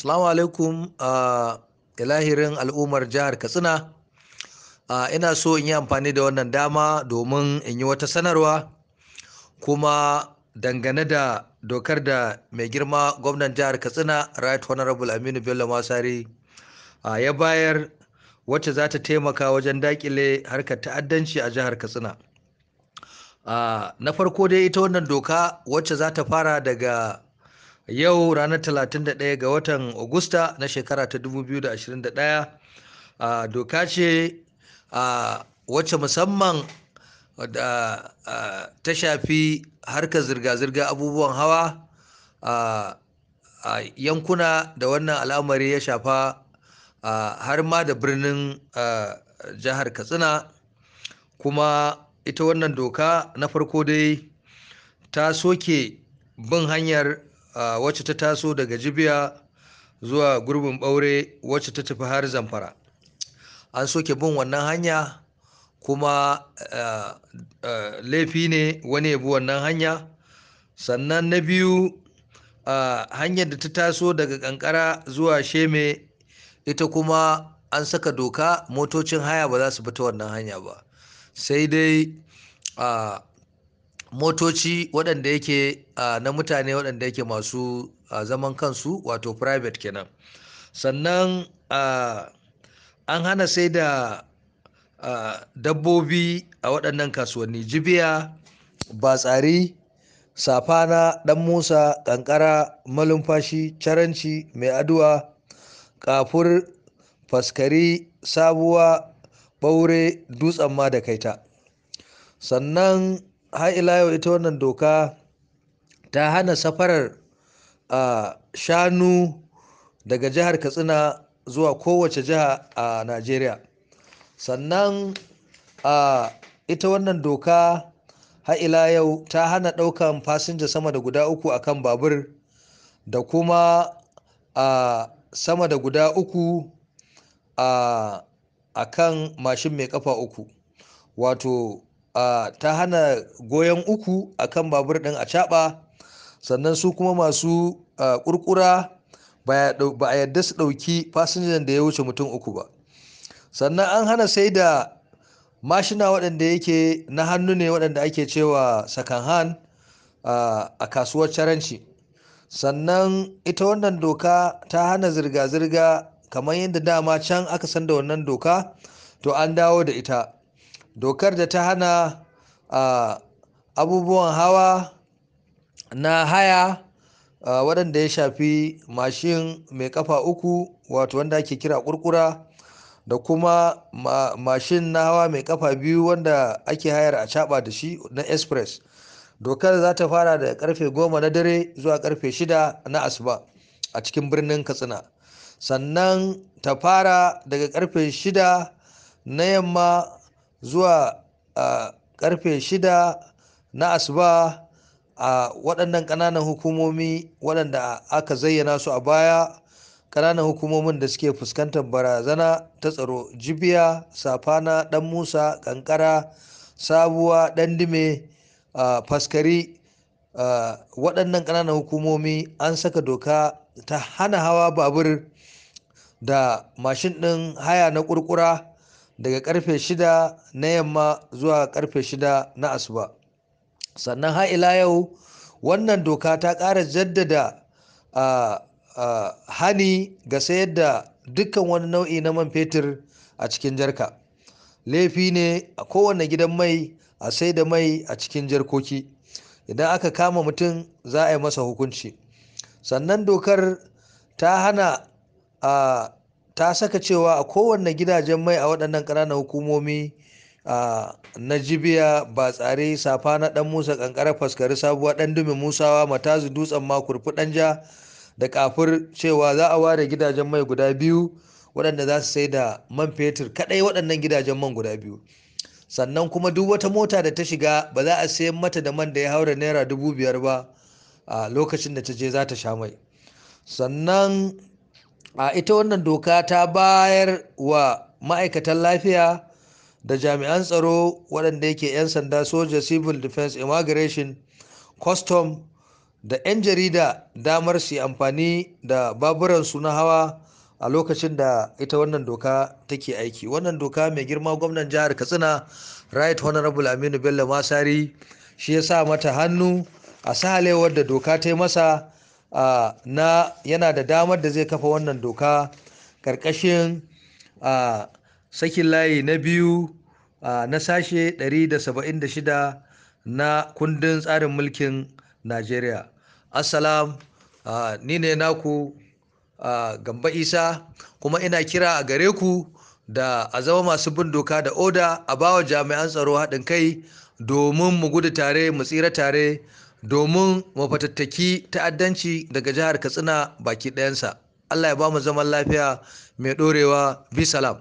Assalamu alaikum a ilahirin al'ummar jihar Katsina. Ina so in yi amfani da wannan dama domin in yi wata sanarwa kuma dangane da dokar da mai girma gwamnan jihar Katsina Right Honorable Aminu Bello Masari ya bayar wacce za ta taimaka wajen dakile harkar ta'addanci a jihar Katsina. Na farko dai ita wannan doka wacce za ta fara daga yau ranar 31 ga watan Agusta na shekara ta 2021 a doka ce a wacce musamman da ta shafi harkar zirga-zirga abubuwan hawa a yankuna da wannan al'amari ya shafa har ma da birnin jihar katsina kuma ita wannan doka na farko dai ta soke bin hanyar wacce ta taso daga jibiya zuwa gurbin ɓaure wacce ta tafi har zamfara an soke bin wannan hanya kuma laifi ne wani ya bi wannan hanya sannan na biyu hanyar da ta taso daga kankara zuwa sheme ita kuma an saka doka motocin haya ba za su bi ta wannan hanya ba sai dai motoci waɗanda yake na mutane waɗanda yake masu zaman kansu wato private kenan sannan an hana sai da dabbobi a waɗannan kasuwanni jibiya batsari safana ɗan musa ƙanƙara malumfashi caranci mai aduwa kafur faskari sabuwa ɓaure dutsen ma da kaita sannan har yau ita wannan doka ta hana safarar shanu daga jihar katsina zuwa kowace jiha a najeriya sannan ita wannan doka har ila yau ta hana ɗaukan fasinja sama da guda uku akan babur da kuma a sama da guda uku a kan mashin mai ƙafa uku wato ta hana goyon uku akan babur ɗin a caɓa sannan su kuma masu ƙurƙura ba a yadda su ɗauki fasinjan da ya wuce mutum uku ba sannan an hana sai da mashina waɗanda yake na hannu ne waɗanda ake cewa sakan han a kasuwar caranci sannan ita wannan doka ta hana zirga-zirga kamar yadda dama can aka san da wannan doka to an dawo da ita dokar da ta hana abubuwan hawa na haya waɗanda ya shafi mashin mai ƙafa uku wato wanda ake kira kurkura da kuma mashin na hawa mai ƙafa biyu wanda ake hayar a caɓa da shi na express dokar za ta fara da karfe goma na dare zuwa karfe shida na asuba a cikin birnin katsina sannan ta fara daga karfe shida na yamma zuwa karfe shida na asuba a waɗannan ƙananan hukumomi waɗanda aka zayyana su a baya ƙananan hukumomin da suke fuskantar barazana ta tsaro jibiya safana ɗan musa ƙanƙara sabuwa ɗan dime faskari waɗannan ƙananan hukumomi an saka doka ta hana hawa babur da mashin ɗin haya na ƙurƙura daga karfe shida na yamma zuwa karfe shida na asuba sannan har ila yau wannan doka ta ƙara jaddada a hani ga sayar da dukkan wani nau'i na man fetur a cikin jarka laifi ne a kowane gidan mai a sai da mai a cikin jarkoki idan aka kama mutum za a yi masa hukunci sannan dokar ta hana a ta saka cewa a kowanne gidajen mai a waɗannan ƙananan hukumomi na jibiya ba tsare safa na ɗan musa ƙanƙara faskari sabuwa ɗan dumin musawa matazu dutsen makurfi ja da kafur. cewa za a ware gidajen mai guda biyu waɗanda za su sai da man fetur kaɗai waɗannan gidajen man guda biyu sannan kuma duk wata mota da ta shiga ba za a sayan mata da man da ya haura naira dubu biyar ba a lokacin da ta je za ta sha mai sannan a ita wannan doka ta bayar wa ma'aikatan lafiya da jami'an tsaro waɗanda yake 'yan sanda soja civil defense immigration custom da 'yan jarida damar su amfani da baburansu na hawa a lokacin da ita wannan doka take aiki wannan doka mai girma gwamnan jihar katsina right honorable aminu bello masari shi ya sa mata hannu a sahalewar da doka ta yi masa na yana da damar da zai kafa wannan doka ƙarƙashin sakin layi na biyu na sashe 176 na kundin tsarin mulkin najeriya assalam ni ne naku gamba isa kuma ina kira a gare ku da a zama masu bin doka da oda a bawa jami'an tsaro haɗin kai domin mu gudu tare mu tsira tare domin mafatattaki ta'addanci daga jihar katsina baki ɗayansa allah ya ba mu zaman lafiya mai ɗorewa bisalam